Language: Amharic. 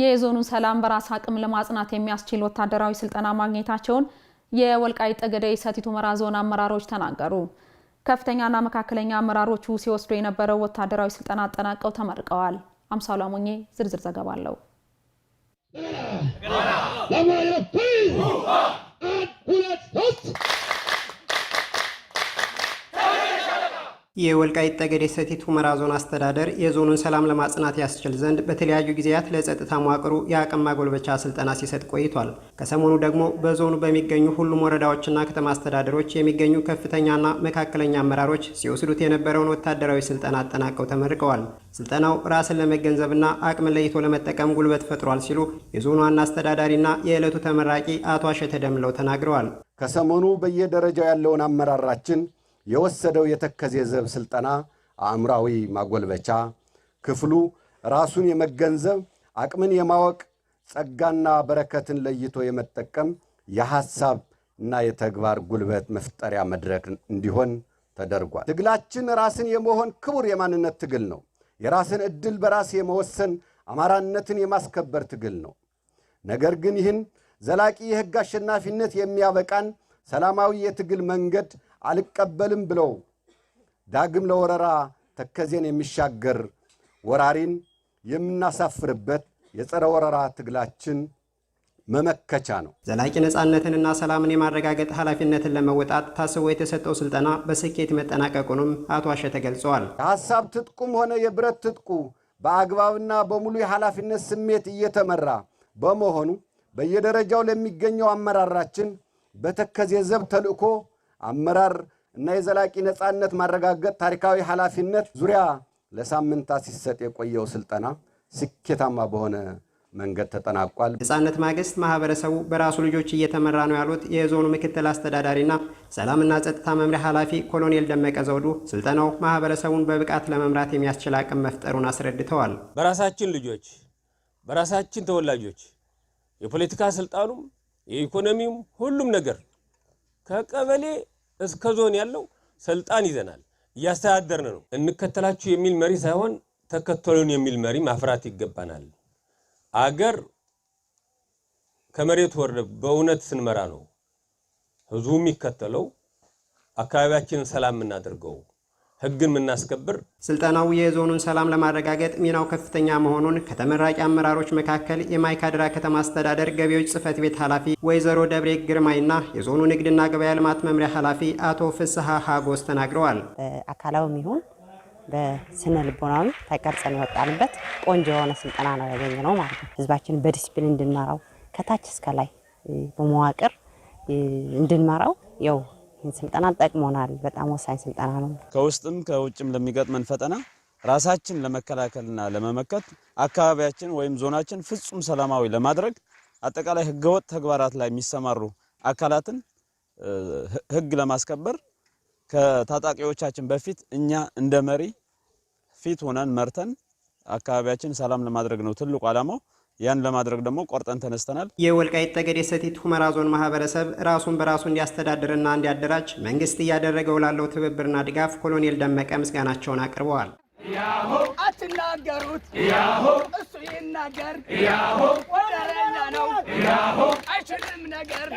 የዞኑን ሰላም በራስ አቅም ለማጽናት የሚያስችል ወታደራዊ ስልጠና ማግኘታቸውን የወልቃይት ጠገዴ ሰቲት ሁመራ ዞን አመራሮች ተናገሩ። ከፍተኛና መካከለኛ አመራሮቹ ሲወስዱ የነበረው ወታደራዊ ስልጠና አጠናቀው ተመርቀዋል። አምሳሉ አሞኜ ዝርዝር ዘገባ አለው። ሁለት የወልቃይት ጠገዴ ሰቲት ሁመራ ዞን አስተዳደር የዞኑን ሰላም ለማጽናት ያስችል ዘንድ በተለያዩ ጊዜያት ለጸጥታ መዋቅሩ የአቅም ማጎልበቻ ስልጠና ሲሰጥ ቆይቷል። ከሰሞኑ ደግሞ በዞኑ በሚገኙ ሁሉም ወረዳዎችና ከተማ አስተዳደሮች የሚገኙ ከፍተኛና መካከለኛ አመራሮች ሲወስዱት የነበረውን ወታደራዊ ስልጠና አጠናቀው ተመርቀዋል። ስልጠናው ራስን ለመገንዘብና አቅምን ለይቶ ለመጠቀም ጉልበት ፈጥሯል ሲሉ የዞኑ ዋና አስተዳዳሪና የዕለቱ ተመራቂ አቶ አሸተ ደምለው ተናግረዋል። ከሰሞኑ በየደረጃው ያለውን አመራራችን የወሰደው የተከዜ ዘብ ስልጠና አእምራዊ ማጎልበቻ ክፍሉ ራሱን የመገንዘብ አቅምን የማወቅ ጸጋና በረከትን ለይቶ የመጠቀም የሐሳብ እና የተግባር ጉልበት መፍጠሪያ መድረክ እንዲሆን ተደርጓል። ትግላችን ራስን የመሆን ክቡር የማንነት ትግል ነው። የራስን ዕድል በራስ የመወሰን አማራነትን የማስከበር ትግል ነው። ነገር ግን ይህን ዘላቂ የሕግ አሸናፊነት የሚያበቃን ሰላማዊ የትግል መንገድ አልቀበልም ብለው ዳግም ለወረራ ተከዜን የሚሻገር ወራሪን የምናሳፍርበት የጸረ ወረራ ትግላችን መመከቻ ነው። ዘላቂ ነፃነትንና ሰላምን የማረጋገጥ ኃላፊነትን ለመወጣት ታስቦ የተሰጠው ስልጠና በስኬት መጠናቀቁንም አቶ አሸተ ገልጸዋል። የሀሳብ ትጥቁም ሆነ የብረት ትጥቁ በአግባብና በሙሉ የኃላፊነት ስሜት እየተመራ በመሆኑ በየደረጃው ለሚገኘው አመራራችን በተከዜ ዘብ ተልዕኮ አመራር እና የዘላቂ ነፃነት ማረጋገጥ ታሪካዊ ኃላፊነት ዙሪያ ለሳምንታት ሲሰጥ የቆየው ስልጠና ስኬታማ በሆነ መንገድ ተጠናቋል። ነፃነት ማግስት ማህበረሰቡ በራሱ ልጆች እየተመራ ነው ያሉት የዞኑ ምክትል አስተዳዳሪና ሰላምና ጸጥታ መምሪያ ኃላፊ ኮሎኔል ደመቀ ዘውዱ ስልጠናው ማህበረሰቡን በብቃት ለመምራት የሚያስችል አቅም መፍጠሩን አስረድተዋል። በራሳችን ልጆች በራሳችን ተወላጆች የፖለቲካ ስልጣኑም የኢኮኖሚውም ሁሉም ነገር ከቀበሌ እስከ ዞን ያለው ስልጣን ይዘናል፣ እያስተዳደርን ነው። እንከተላችሁ የሚል መሪ ሳይሆን ተከተሉን የሚል መሪ ማፍራት ይገባናል። አገር ከመሬት ወርደ በእውነት ስንመራ ነው ህዝቡ የሚከተለው። አካባቢያችንን ሰላም እናደርገው። ህግን የምናስከብር ስልጠናው የዞኑን ሰላም ለማረጋገጥ ሚናው ከፍተኛ መሆኑን ከተመራቂ አመራሮች መካከል የማይካድራ ከተማ አስተዳደር ገቢዎች ጽህፈት ቤት ኃላፊ ወይዘሮ ደብሬ ግርማይና የዞኑ ንግድና ገበያ ልማት መምሪያ ኃላፊ አቶ ፍስሐ ሀጎስ ተናግረዋል። በአካላዊም ይሁን በስነ ልቦናዊ ተቀርጸን የወጣንበት ቆንጆ የሆነ ስልጠና ነው ነው ማለት ነው። ህዝባችን በዲስፕሊን እንድንመራው ከታች እስከ ላይ በመዋቅር እንድንመራው ያው ስልጠና ጠቅሞናል። በጣም ወሳኝ ስልጠና ነው። ከውስጥም ከውጭም ለሚገጥመን ፈተና ራሳችን ለመከላከልና ለመመከት አካባቢያችን ወይም ዞናችን ፍጹም ሰላማዊ ለማድረግ አጠቃላይ ህገወጥ ተግባራት ላይ የሚሰማሩ አካላትን ህግ ለማስከበር ከታጣቂዎቻችን በፊት እኛ እንደ መሪ ፊት ሆነን መርተን አካባቢያችን ሰላም ለማድረግ ነው ትልቁ ዓላማው። ያን ለማድረግ ደግሞ ቆርጠን ተነስተናል። የወልቃይት ጠገዴ ሰቲት ሁመራ ዞን ማህበረሰብ ራሱን በራሱ እንዲያስተዳድርና እንዲያደራጅ መንግስት እያደረገው ላለው ትብብርና ድጋፍ ኮሎኔል ደመቀ ምስጋናቸውን አቅርበዋል። አትናገሩት እሱ ይናገር ወደረኛ ነው አይችልም ነገር